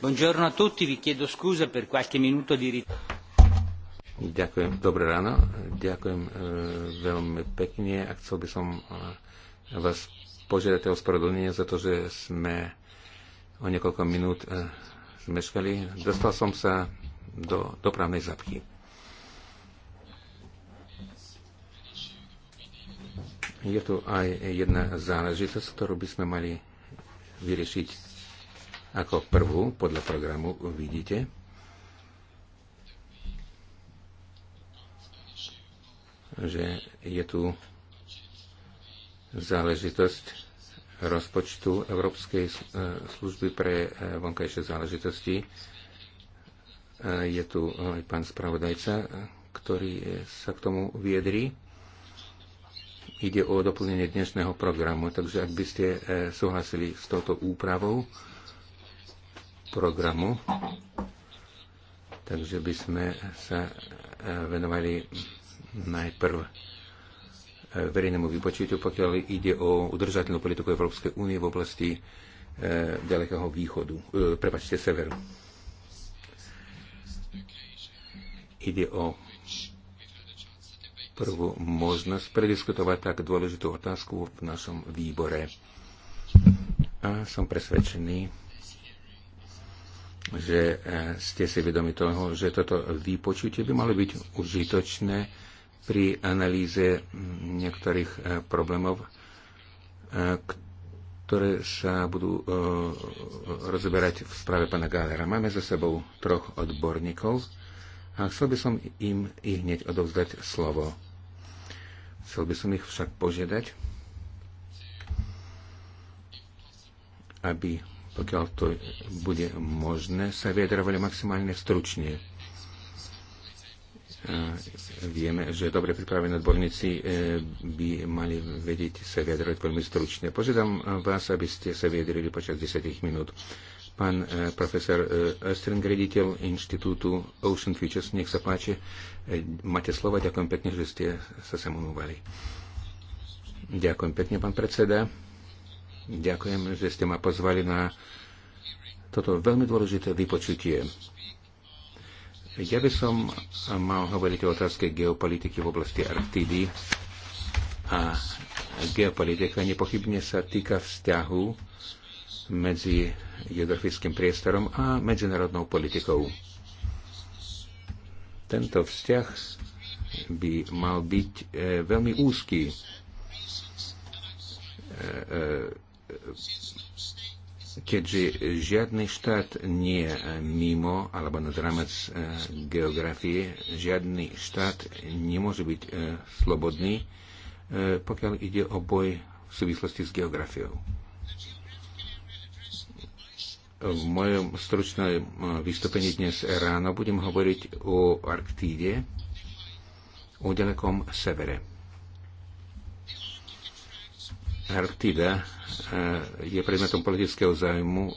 Buongiorno a tutti, vi chiedo scusa per qualche minuto di ritardo. Ďakujem, dobré ráno, ďakujem e, veľmi pekne a chcel by som eh, vás požiadať o spravodlenie za to, že sme o niekoľko minút e, zmeškali. Dostal som sa do dopravnej zapchy. Je tu aj jedna záležitosť, ktorú by sme mali vyriešiť ako prvú podľa programu vidíte že je tu záležitosť rozpočtu Európskej e, služby pre e, vonkajšie záležitosti. E, je tu aj pán spravodajca, ktorý sa k tomu viedri. Ide o doplnenie dnešného programu, takže ak by ste súhlasili s touto úpravou, programu, takže by sme sa e, venovali najprv e, verejnému vypočítu, pokiaľ ide o udržateľnú politiku Európskej únie v oblasti e, ďalekého východu, prepačte, severu. Ide o prvú možnosť prediskutovať tak dôležitú otázku v našom výbore. A som presvedčený, že e, ste si vedomi toho, že toto výpočutie by malo byť užitočné pri analýze niektorých e, problémov, e, ktoré sa budú rozoberať v správe pana Galera. Máme za sebou troch odborníkov a chcel by som im i hneď odovzdať slovo. Chcel by som ich však požiadať, aby pokiaľ to bude možné, sa vyjadrovali maximálne stručne. E, vieme, že dobre pripravení odborníci e, by mali vedieť sa vyjadrovať veľmi stručne. Požiadam e, vás, aby ste sa vyjadrili počas 10 minút. Pán profesor Östren, rediteľ Inštitútu Ocean Futures, nech sa páči. Máte slova, ďakujem pekne, že ste sa sem unúvali. Ďakujem pekne, pán predseda. Ďakujem, že ste ma pozvali na toto veľmi dôležité vypočutie. Ja by som mal hovoriť o otázke geopolitiky v oblasti Arktidy a geopolitika nepochybne sa týka vzťahu medzi geografickým priestorom a medzinárodnou politikou. Tento vzťah by mal byť e, veľmi úzky. E, e, keďže žiadny štát nie je mimo alebo nad rámec e, geografie, žiadny štát nemôže byť e, slobodný, e, pokiaľ ide o boj v súvislosti s geografiou. V mojom stručnom vystúpení dnes ráno budem hovoriť o Arktíde, o ďalekom severe. Arktida e, je predmetom politického zájmu e,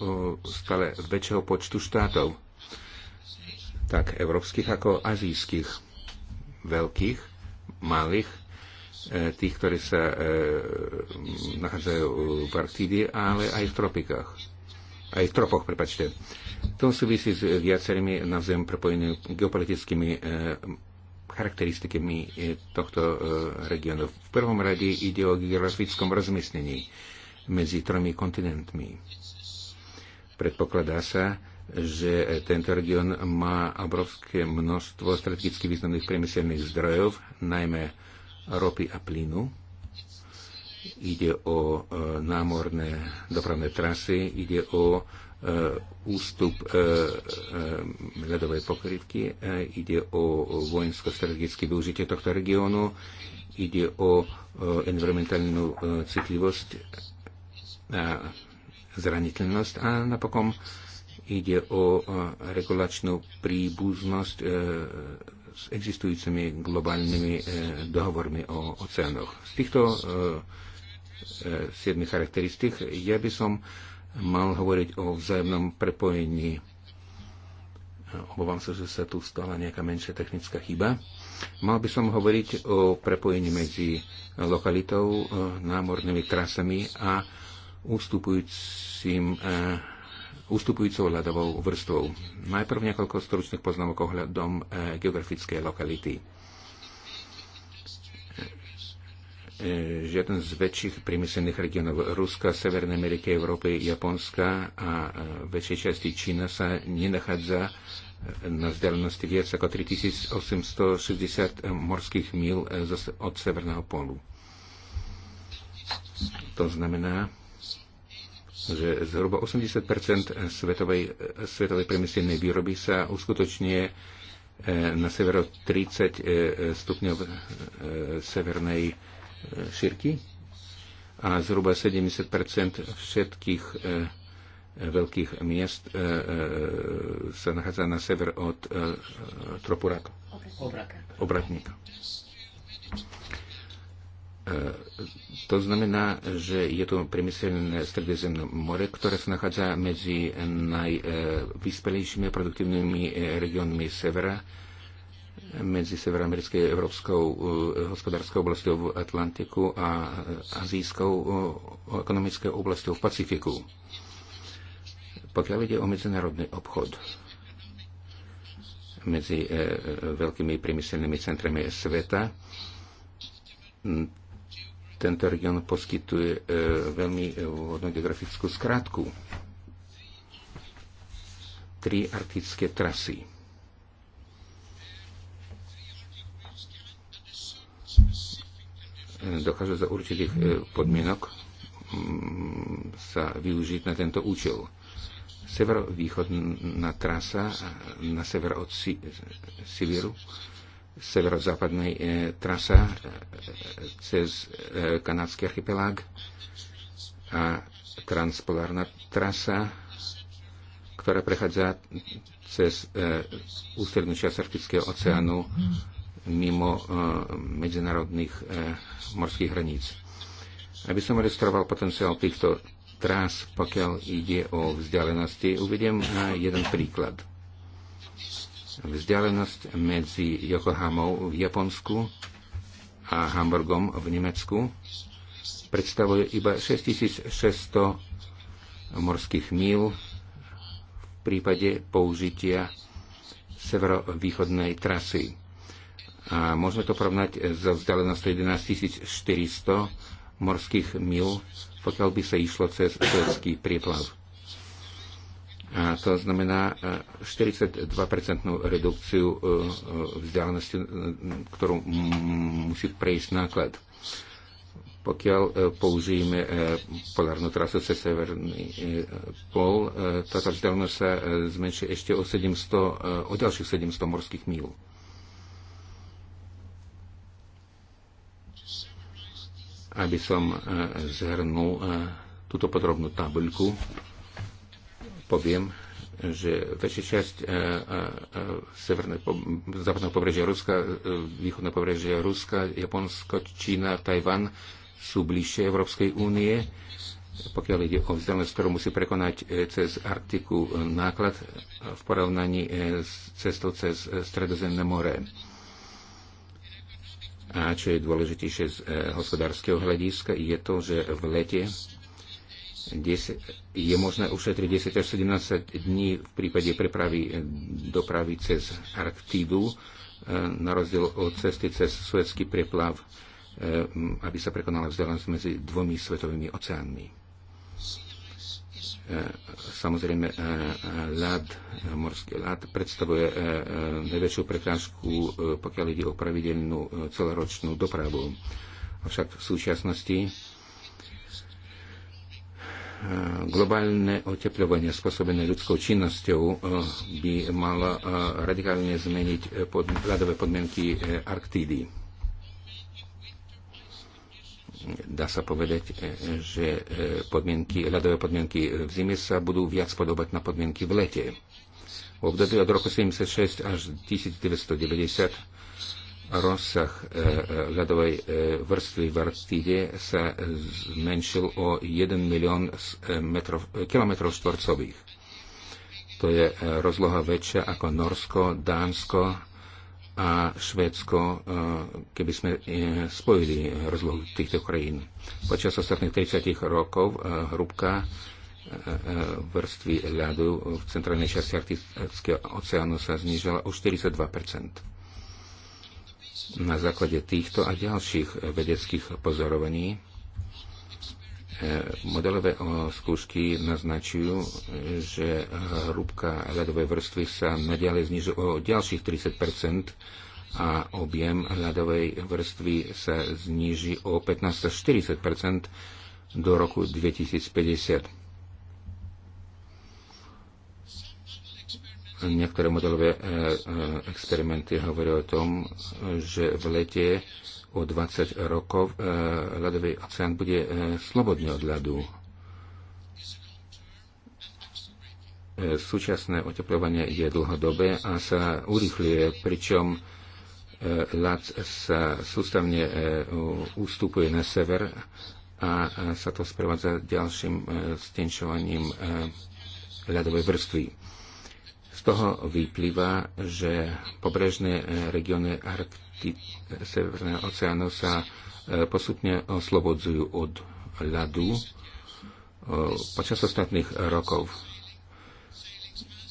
stále väčšieho počtu štátov, tak európskych ako azijských, veľkých, malých, e, tých, ktorí sa nachádzajú v Arktíde, ale aj v tropikách. Aj v tropoch, prepačte. To súvisí s viacerými navzájom prepojenými geopolitickými charakteristikami e, tohto e, regiónu. V prvom rade ide o geografickom rozmyslení medzi tromi kontinentmi. Predpokladá sa, že tento región má obrovské množstvo strategicky významných priemyselných zdrojov, najmä ropy a plynu. Ide o e, námorné dopravné trasy, ide o E, ústup e, e, ľadovej pokrývky, ide o vojensko-strategické využitie tohto regiónu, ide o environmentálnu citlivosť a zraniteľnosť a napokon ide o regulačnú príbuznosť s existujúcimi globálnymi dohovormi o oceánoch. Z týchto siedmi charakteristik ja by som mal hovoriť o vzájomnom prepojení. Obávam sa, že sa tu stala nejaká menšia technická chyba. Mal by som hovoriť o prepojení medzi lokalitou, e, námornými trasami a ústupujúcim e, ústupujúcou ľadovou vrstvou. Najprv niekoľko stručných poznámok ohľadom e, geografickej lokality. E, žiaden z väčších priemyselných regionov Ruska, Severnej Ameriky, Európy, Japonska a e, väčšej časti Čína sa nenachádza e, na vzdialenosti viac ako 3860 morských mil od Severného polu. To znamená, že zhruba 80 svetovej, svetovej priemyselnej výroby sa uskutočňuje na severo 30 stupňov severnej E, širky a zhruba 70 všetkých e, e, veľkých miest sa nachádza na sever od Tropuráka. Obratníka. To znamená, že je to priemyselné stredozemné more, ktoré sa nachádza medzi najvyspelejšími a produktívnymi regiónmi severa medzi Severoamerickou a Európskou eh, hospodárskou oblasťou v Atlantiku a eh, azijskou eh, ekonomickou oblasťou v Pacifiku. Pokiaľ ide o medzinárodný obchod medzi veľkými priemyselnými centrami sveta, tento region poskytuje veľmi vhodnú geografickú skrátku. Tri arktické trasy Dokáže za určitých e, podmienok mm, sa využiť na tento účel. Severovýchodná trasa na sever od si- Sibiru, severozápadná e, trasa e, cez kanadský archipelág a transpolárna trasa, ktorá prechádza cez ústrednú časť Arktického oceánu mm mimo e, medzinárodných e, morských hraníc. Aby som registroval potenciál týchto trás, pokiaľ ide o vzdialenosti, uvediem jeden príklad. Vzdialenosť medzi Yokohamou v Japonsku a Hamburgom v Nemecku predstavuje iba 6600 morských míl v prípade použitia severovýchodnej trasy. A môžeme to porovnať za vzdialenosť 11 400 morských mil, pokiaľ by sa išlo cez švedský prieplav. A to znamená 42 e, redukciu e, e, vzdialenosti, ktorú musí prejsť náklad. Pokiaľ použijeme polárnu trasu cez severný pol, táto vzdialenosť sa zmenší ešte o, 700, o ďalších 700 morských míl. aby som e, zhrnul e, túto podrobnú tabuľku. Poviem, že väčšia časť e, západného pobrežia Ruska, východného pobrežia Ruska, Japonsko, Čína, Tajvan sú bližšie Európskej únie. Pokiaľ ide o vzdialenosť, ktorú musí prekonať cez Arktiku náklad v porovnaní s cestou cez Stredozemné more a čo je dôležitejšie z e, hospodárskeho hľadiska, je to, že v lete 10, je možné ušetriť 10 až 17 dní v prípade prepravy e, dopravy cez Arktídu, e, na rozdiel od cesty cez Suecký preplav, aby sa prekonala vzdialenosť medzi dvomi svetovými oceánmi. Samozrejme, eh, ľad, eh, morský ľad predstavuje eh, najväčšiu prekážku, pokiaľ ide o pravidelnú celoročnú dopravu. Avšak v súčasnosti globálne oteplovanie spôsobené ľudskou činnosťou by malo radikálne zmeniť ľadové podmienky Arktídy dá sa povedať, e, že e, podmienky, ľadové podmienky v zime sa budú viac podobať na podmienky v lete. V období od roku 76 až 1990 rozsah e, ľadovej vrstvy v Arktíde sa zmenšil o 1 milión kilometrov štvorcových. To je rozloha väčšia ako Norsko, Dánsko, a Švédsko, e, keby sme e, spojili rozlohu týchto krajín. Počas ostatných 30 rokov e, hrubka vrstvy ľadu v centrálnej časti Arktického oceánu sa znižila o 42 Na základe týchto a ďalších vedeckých pozorovaní E, modelové e, skúšky naznačujú, že e, hrúbka ľadovej vrstvy sa naďalej znižuje o ďalších 30 a objem ľadovej vrstvy sa zniží o 15 až 40 do roku 2050. Niektoré modelové experimenty hovoria o tom, že v lete o 20 rokov e, ľadový oceán bude e, slobodný od ľadu. E, súčasné oteplovanie je dlhodobé a sa urychľuje, pričom ľad sa sústavne ústupuje na sever a sa to sprevádza ďalším stenčovaním ľadovej vrstvy. Z toho vyplýva, že pobrežné regióny Arkt Severného oceánu sa e, postupne oslobodzujú od ľadu e, počas ostatných rokov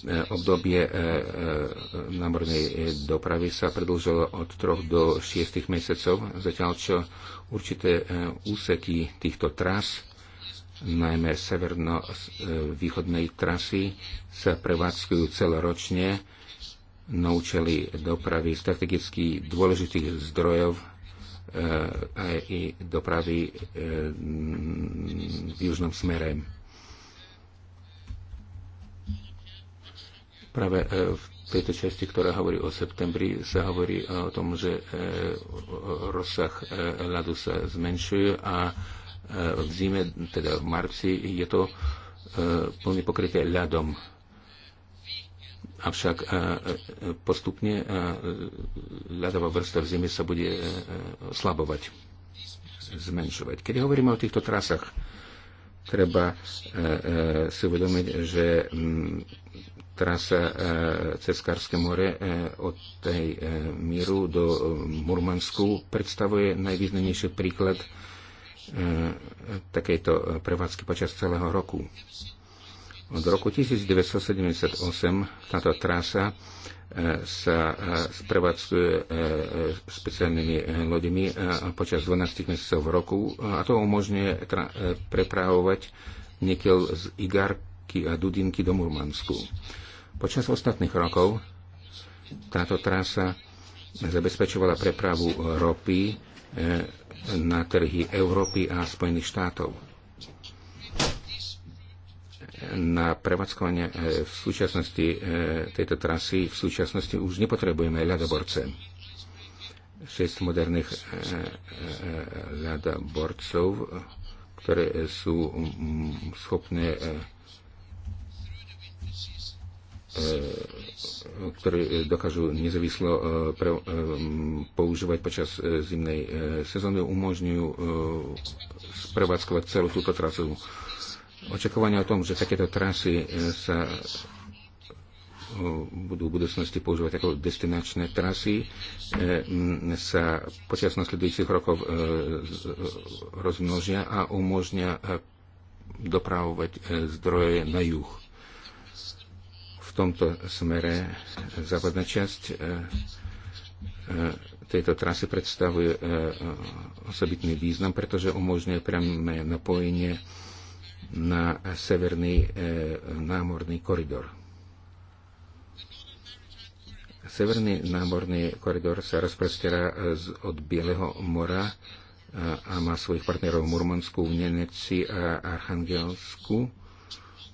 e, obdobie námornej dopravy sa predlžilo od 3 do 6 mesiacov, zatiaľ čo určité úseky týchto tras, najmä severno-východnej trasy, sa prevádzkujú celoročne na účely dopravy strategicky dôležitých zdrojov eh, a i dopravy eh, v južnom smere. Práve eh, v tejto časti, ktorá hovorí o septembri, sa hovorí o tom, že rozsah ľadu sa zmenšuje a v zime, teda v marci, je to plne pokryté ľadom. Avšak e, e, postupne e, ľadová vrstva v zime sa bude slabovať, zmenšovať. Keď hovoríme o týchto trasách, treba si uvedomiť, že mm, trasa cez Karské more od tej míru do Murmansku predstavuje najvýznamnejší príklad takejto prevádzky počas celého roku. Od roku 1978 táto trasa e, sa e, sprevádzkuje špeciálnymi e, loďmi počas 12 mesiacov v roku a to umožňuje prepravovať nikel z Igarky a Dudinky do Murmansku. Počas ostatných rokov táto trasa zabezpečovala prepravu ropy na trhy Európy a Spojených štátov na prevádzkovanie e, v súčasnosti e, tejto trasy v súčasnosti už nepotrebujeme ľadoborce. 6 moderných e, ľadoborcov, ktoré sú schopné ktoré dokážu nezávislo používať počas zimnej sezóny, umožňujú sprevádzkovať celú túto trasu očakovania o tom, že takéto trasy e, sa e, budú v budúcnosti používať ako destinačné trasy, e, sa počas nasledujúcich rokov rozmnožia a umožnia dopravovať zdroje na juh. V tomto smere západná časť tejto trasy predstavuje osobitný význam, pretože umožňuje priame napojenie na severný eh, námorný koridor. Severný námorný koridor sa rozprestiera eh, od Bieleho mora eh, a má svojich partnerov v Murmansku, v Neneci a Archangelsku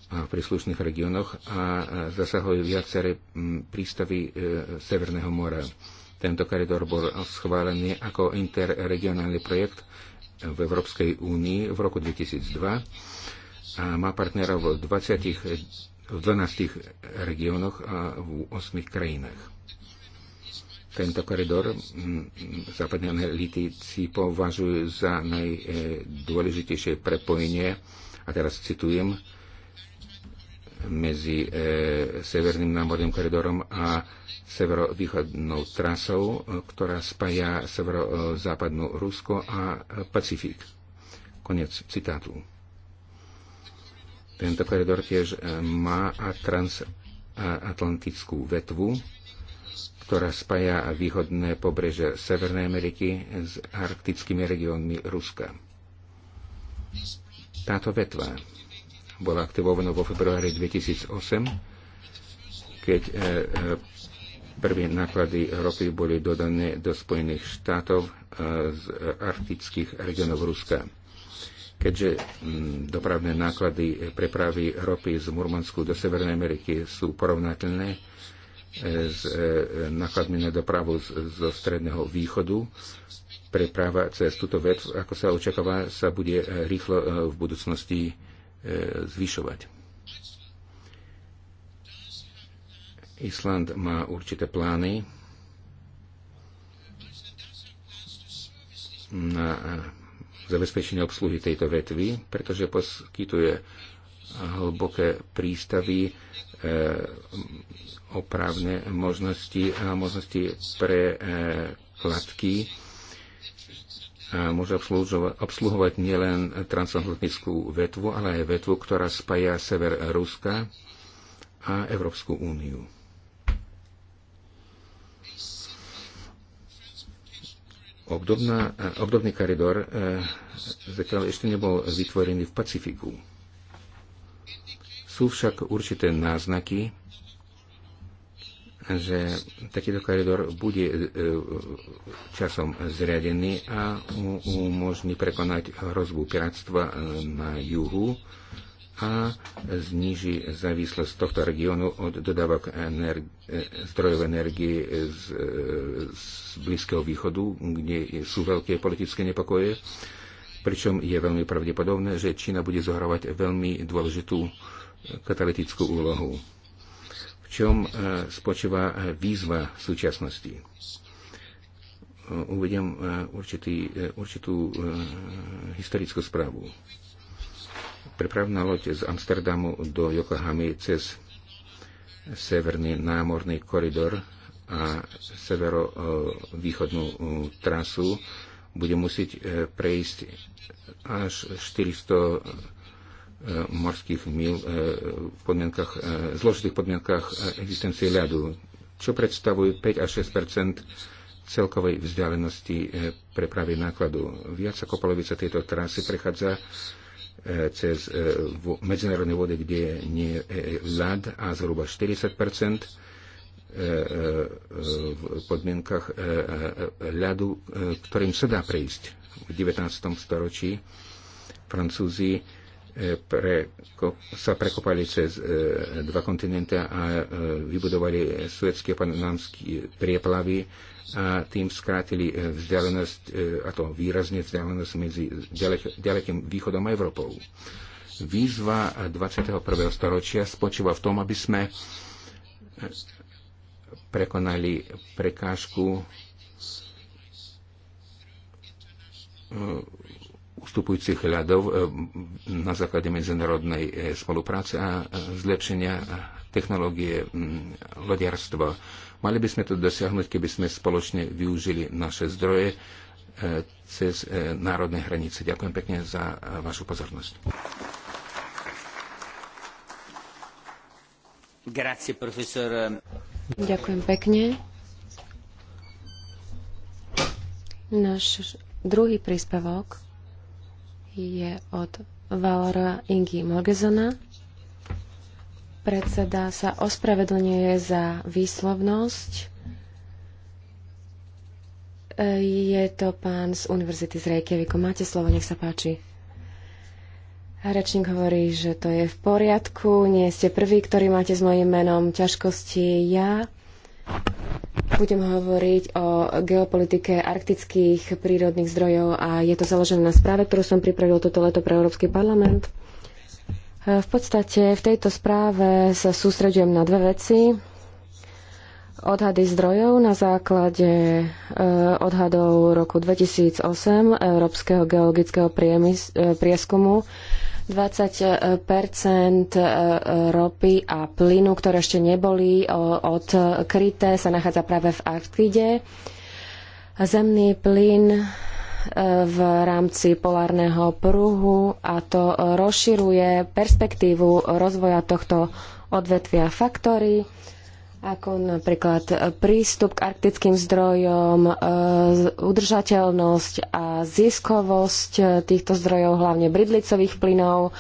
a v príslušných regiónoch a zasahujú viaceré mm, prístavy Severného mora. Tento koridor bol schválený ako interregionálny projekt v Európskej únii v roku 2002 a má partnerov v 20 v 12 regiónoch a v 8 krajinách. Tento koridor západné analytici považujú za najdôležitejšie prepojenie, a teraz citujem, medzi e, Severným námorným koridorom a severovýchodnou trasou, ktorá spája severozápadnú Rusko a Pacifik. Konec citátu. Tento koridor tiež e, má a transatlantickú vetvu, ktorá spája východné pobreže Severnej Ameriky s arktickými regiónmi Ruska. Táto vetva bola aktivovaná vo februári 2008, keď e, e, prvé náklady ropy boli dodané do Spojených štátov z arktických regionov Ruska keďže mm, dopravné náklady e, prepravy ropy z Murmansku do Severnej Ameriky sú porovnateľné e, s e, nákladmi na dopravu zo Stredného východu. Preprava cez túto vec, ako sa očakáva, sa bude rýchlo v budúcnosti zvyšovať. Island má určité plány na zabezpečenie obsluhy tejto vetvy, pretože poskytuje hlboké prístavy, e, opravné možnosti a e, možnosti pre e, kladky a môže obsluhovať nielen transatlantickú vetvu, ale aj vetvu, ktorá spája sever Ruska a Európsku úniu. Obdobná, obdobný koridor eh, zatiaľ ešte nebol vytvorený v Pacifiku. Sú však určité náznaky, že takýto koridor bude eh, časom zriadený a umožní prekonať hrozbu piratstva eh, na juhu a zniží závislosť tohto regiónu od dodávok energi- zdrojov energie z, z Blízkeho východu, kde sú veľké politické nepokoje, pričom je veľmi pravdepodobné, že Čína bude zohrávať veľmi dôležitú katalytickú úlohu. V čom e, spočíva výzva v súčasnosti? Uvediem e, určitý, e, určitú historickú správu. Prepravná loď z Amsterdamu do Yokohamy cez severný námorný koridor a severovýchodnú e, trasu bude musieť e, prejsť až 400 e, morských mil v podmienkach, zložitých podmienkach existencie ľadu, čo predstavuje 5 až 6 celkovej vzdialenosti prepravy nákladu. Viac ako polovica tejto trasy prechádza E, cez e, medzinárodné vody, kde nie je e, ľad a zhruba 40 v podmienkach ľadu, ktorým sa dá prejsť. V 19. storočí Francúzi E, pre, sa prekopali cez e, dva kontinenty a e, vybudovali suecké panamské prieplavy a tým skrátili vzdialenosť, a to výrazne vzdialenosť medzi ďalek, ďalekým východom a Európou. Výzva 21. storočia spočíva v tom, aby sme prekonali prekážku ustupujúcich ľadov e, na základe medzinárodnej e, spolupráce a e, zlepšenia technológie lodiarstva. Mali by sme to dosiahnuť, keby sme spoločne využili naše zdroje cez národné hranice. Ďakujem pekne za vašu pozornosť. Grazie, profesor. Ďakujem pekne. Náš druhý príspevok je od Valora Ingi Morgezona. Predseda sa ospravedlňuje za výslovnosť. Je to pán z Univerzity z Reykjaviku. Máte slovo, nech sa páči. Rečník hovorí, že to je v poriadku, nie ste prvý, ktorý máte s mojím menom ťažkosti. Ja budem hovoriť o geopolitike arktických prírodných zdrojov a je to založené na správe, ktorú som pripravil toto leto pre Európsky parlament. E, v podstate v tejto správe sa sústredujem na dve veci. Odhady zdrojov na základe e, odhadov roku 2008 Európskeho geologického e, prieskumu 20 e, e, ropy a plynu, ktoré ešte neboli e, odkryté, sa nachádza práve v Arktide. Zemný plyn v rámci polárneho pruhu a to rozširuje perspektívu rozvoja tohto odvetvia faktory ako napríklad prístup k arktickým zdrojom, e, udržateľnosť a ziskovosť e, týchto zdrojov, hlavne bridlicových plynov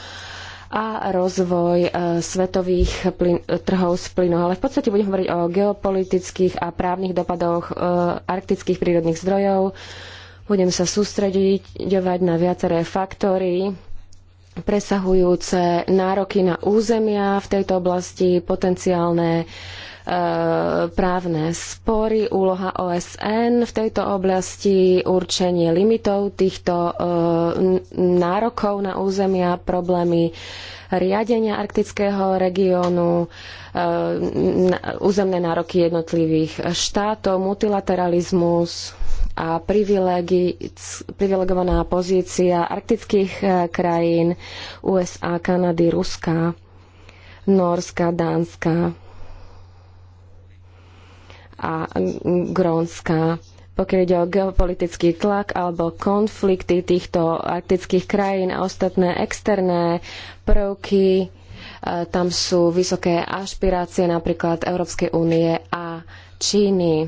a rozvoj e, svetových plyn, trhov s plynom. Ale v podstate budem hovoriť o geopolitických a právnych dopadoch arktických prírodných zdrojov. Budem sa sústrediť na viaceré faktory, presahujúce nároky na územia v tejto oblasti, potenciálne uh, E, právne spory, úloha OSN v tejto oblasti, určenie limitov týchto e, nárokov na územia, problémy riadenia arktického regiónu, e, územné nároky jednotlivých štátov, multilateralizmus a privilegovaná pozícia arktických krajín USA, Kanady, Ruska, Norska, Dánska a Grónska. Pokiaľ ide o geopolitický tlak alebo konflikty týchto arktických krajín a ostatné externé prvky, e, tam sú vysoké ašpirácie napríklad Európskej únie a Číny.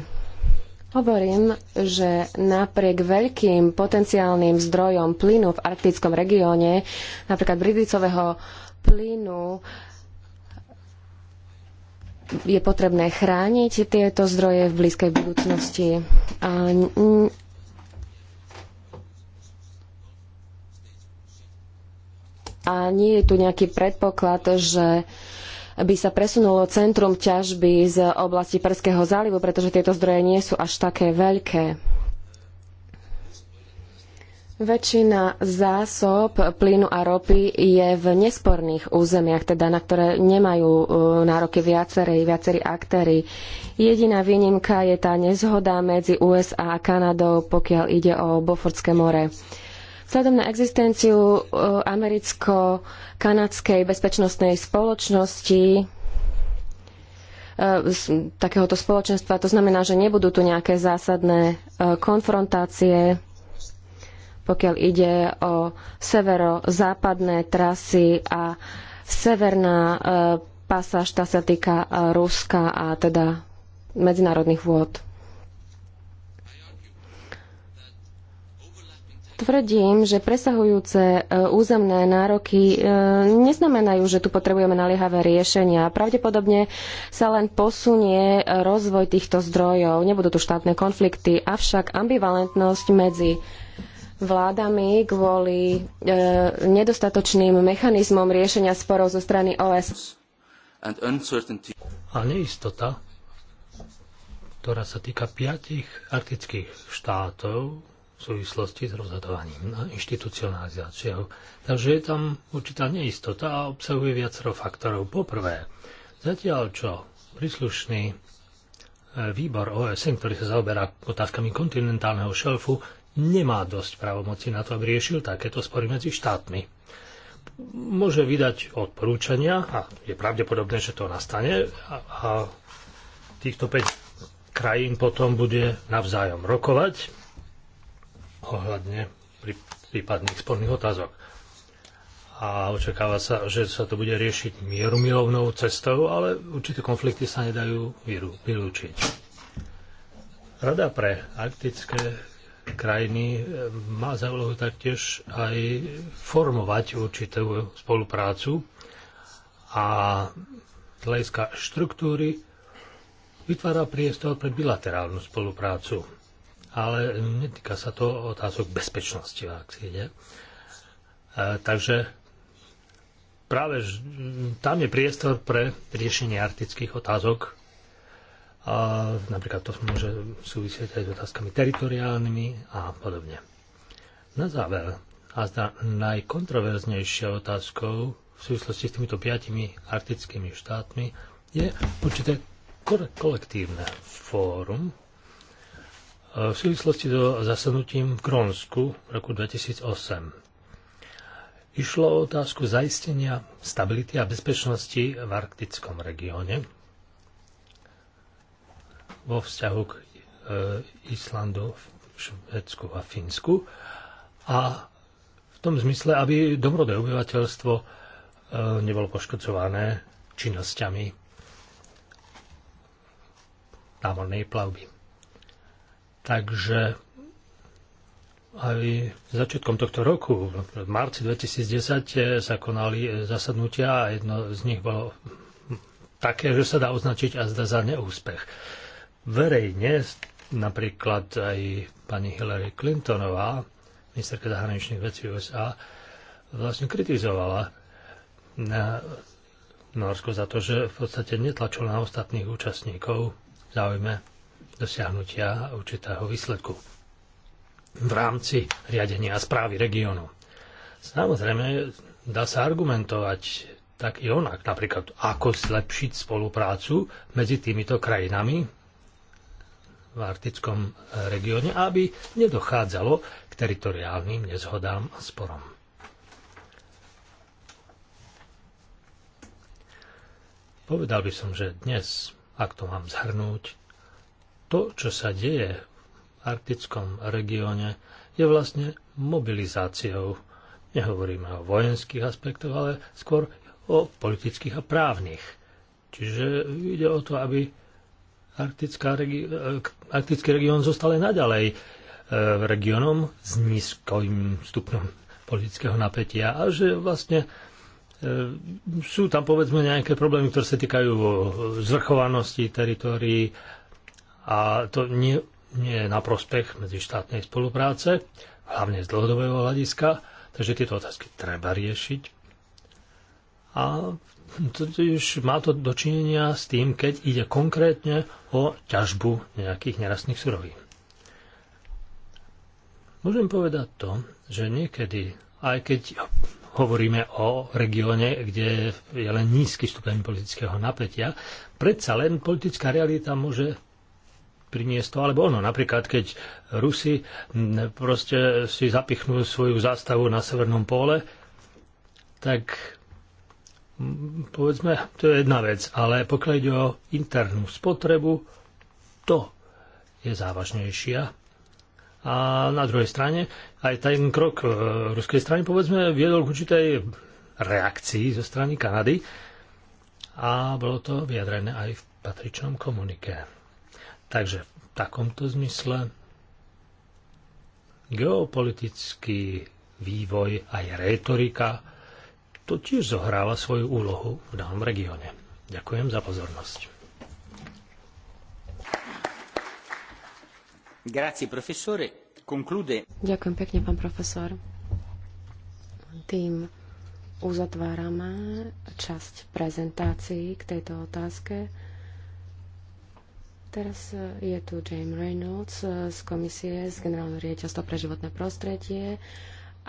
Hovorím, že napriek veľkým potenciálnym zdrojom plynu v arktickom regióne, napríklad bridlicového plynu, je potrebné chrániť tieto zdroje v blízkej budúcnosti. A a nie je tu nejaký predpoklad, že by sa presunulo centrum ťažby z oblasti Perského zálivu, pretože tieto zdroje nie sú až také veľké. Väčšina zásob plynu a ropy je v nesporných územiach, teda na ktoré nemajú e, nároky viacerí, viacerí aktéry. Jediná výnimka je tá nezhoda medzi USA a Kanadou, pokiaľ ide o Bofortské more. Vzhľadom na existenciu e, americko-kanadskej bezpečnostnej spoločnosti e, takéhoto spoločenstva, to znamená, že nebudú tu nejaké zásadné konfrontácie pokiaľ ide o severozápadné trasy a severná e, pasáž, tá sa týka e, Ruska a teda medzinárodných vôd. Tvrdím, že presahujúce e, územné nároky e, neznamenajú, že tu potrebujeme naliehavé riešenia. Pravdepodobne sa len posunie rozvoj týchto zdrojov. Nebudú tu štátne konflikty, avšak ambivalentnosť medzi vládami kvôli e, nedostatočným mechanizmom riešenia sporov zo strany OS. A neistota, ktorá sa týka piatich arktických štátov v súvislosti s rozhodovaním na inštitucionalizáciou. Takže je tam určitá neistota a obsahuje viacero faktorov. Poprvé, zatiaľ čo príslušný e, výbor OSN, ktorý sa zaoberá otázkami kontinentálneho šelfu, nemá dosť právomoci na to, aby riešil takéto spory medzi štátmi. Môže vydať odporúčania a je pravdepodobné, že to nastane a, a týchto 5 krajín potom bude navzájom rokovať ohľadne prípadných sporných otázok a očakáva sa, že sa to bude riešiť mierumilovnou cestou, ale určité konflikty sa nedajú vylúčiť. Rada pre arktické krajiny e, má za úlohu taktiež aj formovať určitú spoluprácu a hľadiska štruktúry vytvára priestor pre bilaterálnu spoluprácu. Ale netýka sa to otázok bezpečnosti, ak si ide. E, takže práve tam je priestor pre riešenie arktických otázok a napríklad to môže súvisieť aj s otázkami teritoriálnymi a podobne. Na záver, a zda najkontroverznejšia otázkou v súvislosti s týmito piatimi arktickými štátmi je určité kolektívne fórum e, v súvislosti so zasadnutím v Grónsku v roku 2008. Išlo o otázku zaistenia stability a bezpečnosti v arktickom regióne vo vzťahu k e, Islandu, Švedsku a Fínsku. A v tom zmysle, aby dobrodé obyvateľstvo e, nebolo poškodzované činnosťami námornej plavby. Takže aj začiatkom tohto roku, v marci 2010, e, sa konali zasadnutia a jedno z nich bolo také, že sa dá označiť a zda za neúspech verejne, napríklad aj pani Hillary Clintonová, ministerka zahraničných vecí USA, vlastne kritizovala na eh, Norsko za to, že v podstate netlačil na ostatných účastníkov v záujme dosiahnutia určitého výsledku v rámci riadenia a správy regiónu. Samozrejme, dá sa argumentovať tak i onak, napríklad ako zlepšiť spoluprácu medzi týmito krajinami, v arktickom e, regióne, aby nedochádzalo k teritoriálnym nezhodám a sporom. Povedal by som, že dnes, ak to mám zhrnúť, to, čo sa deje v arktickom regióne, je vlastne mobilizáciou. Nehovoríme o vojenských aspektoch, ale skôr o politických a právnych. Čiže ide o to, aby E, arktický región zostal aj naďalej e, regiónom s nízkym stupňom politického napätia a že vlastne e, sú tam povedzme nejaké problémy, ktoré sa týkajú zvrchovanosti teritórií a to nie, nie je na prospech medzištátnej spolupráce, hlavne z dlhodobého hľadiska, takže tieto otázky treba riešiť a totiž má to dočinenia s tým, keď ide konkrétne o ťažbu nejakých nerastných surovín. Môžem povedať to, že niekedy, aj keď hovoríme o regióne, kde je len nízky stupeň politického napätia, predsa len politická realita môže priniesť to, alebo ono. Napríklad, keď Rusi proste si zapichnú svoju zástavu na Severnom pole, tak povedzme, to je jedna vec, ale pokiaľ ide o internú spotrebu, to je závažnejšia. A na druhej strane, aj ten krok e, ruskej strany, povedzme, viedol k určitej reakcii zo strany Kanady a bolo to vyjadrené aj v patričnom komunike. Takže v takomto zmysle geopolitický vývoj aj retorika to tiež zohráva svoju úlohu v danom regióne. Ďakujem za pozornosť. Grazie, profesore. Conclude. Ďakujem pekne, pán profesor. Tým uzatvárame časť prezentácií k tejto otázke. Teraz e, je tu James Reynolds e, z komisie z Generálneho riaditeľstva pre životné prostredie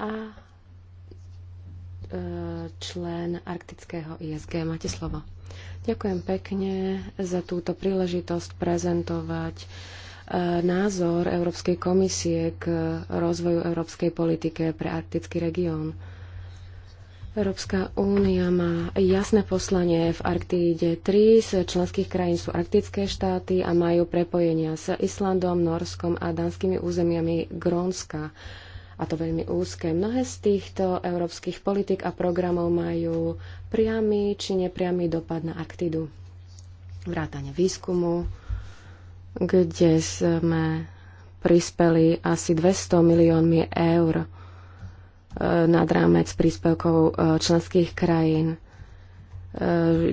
a člen arktického ISG. Máte slovo. Ďakujem pekne za túto príležitosť prezentovať e, názor Európskej komisie k rozvoju európskej politike pre arktický región. Európska únia má jasné poslanie v Arktíde. Tri z členských krajín sú arktické štáty a majú prepojenia s Islandom, Norskom a danskými územiami Grónska a to veľmi úzke. Mnohé z týchto európskych politik a programov majú priamy či nepriamy dopad na Arktidu. Vrátane výskumu, kde sme prispeli asi 200 miliónmi eur e, nad rámec príspevkov e, členských krajín e,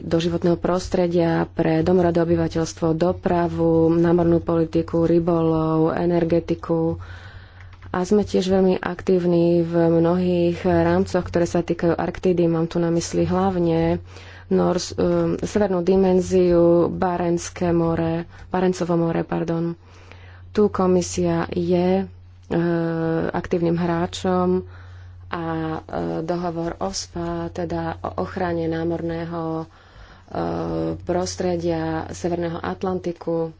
do životného prostredia, pre domorodé obyvateľstvo, dopravu, námornú politiku, rybolov, energetiku, a sme tiež veľmi aktívni v mnohých rámcoch, ktoré sa týkajú Arktídy. Mám tu na mysli hlavne Nors, um, severnú dimenziu, Barenské more, Barencovo more, pardon. Tu komisia je uh, aktívnym hráčom a uh, dohovor OSPA, teda o ochrane námorného uh, prostredia Severného Atlantiku,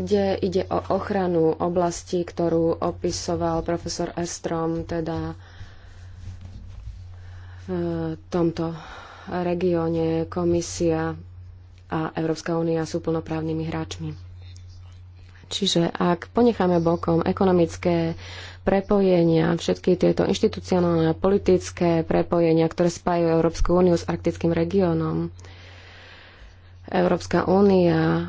kde ide o ochranu oblasti, ktorú opisoval profesor Estrom, teda v e, tomto regióne komisia a Európska únia sú plnoprávnymi hráčmi. Čiže ak ponecháme bokom ekonomické prepojenia, všetky tieto inštitucionálne a politické prepojenia, ktoré spájajú Európsku úniu s arktickým regiónom, Európska únia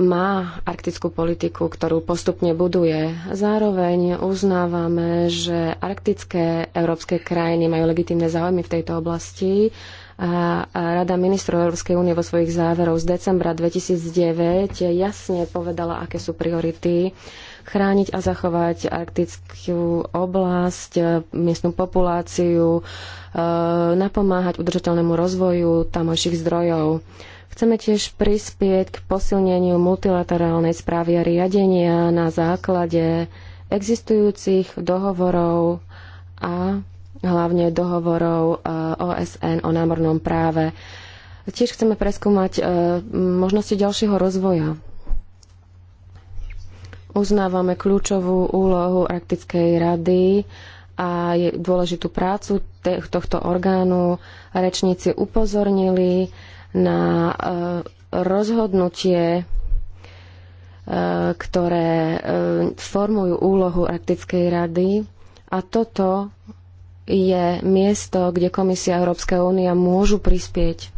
má arktickú politiku, ktorú postupne buduje. Zároveň uznávame, že arktické európske krajiny majú legitímne záujmy v tejto oblasti a Rada ministrov Európskej únie vo svojich záveroch z decembra 2009 jasne povedala, aké sú priority chrániť a zachovať arktickú oblasť, miestnu populáciu, e, napomáhať udržateľnému rozvoju tamojších zdrojov. Chceme tiež prispieť k posilneniu multilaterálnej správy a riadenia na základe existujúcich dohovorov a hlavne dohovorov e, OSN o námornom práve. Tiež chceme preskúmať e, možnosti ďalšieho rozvoja. Uznávame kľúčovú úlohu Arktickej rady a dôležitú prácu tohto orgánu. Rečníci upozornili na e, rozhodnutie, e, ktoré e, formujú úlohu Arktickej rady. A toto je miesto, kde Komisia Európska únia môžu prispieť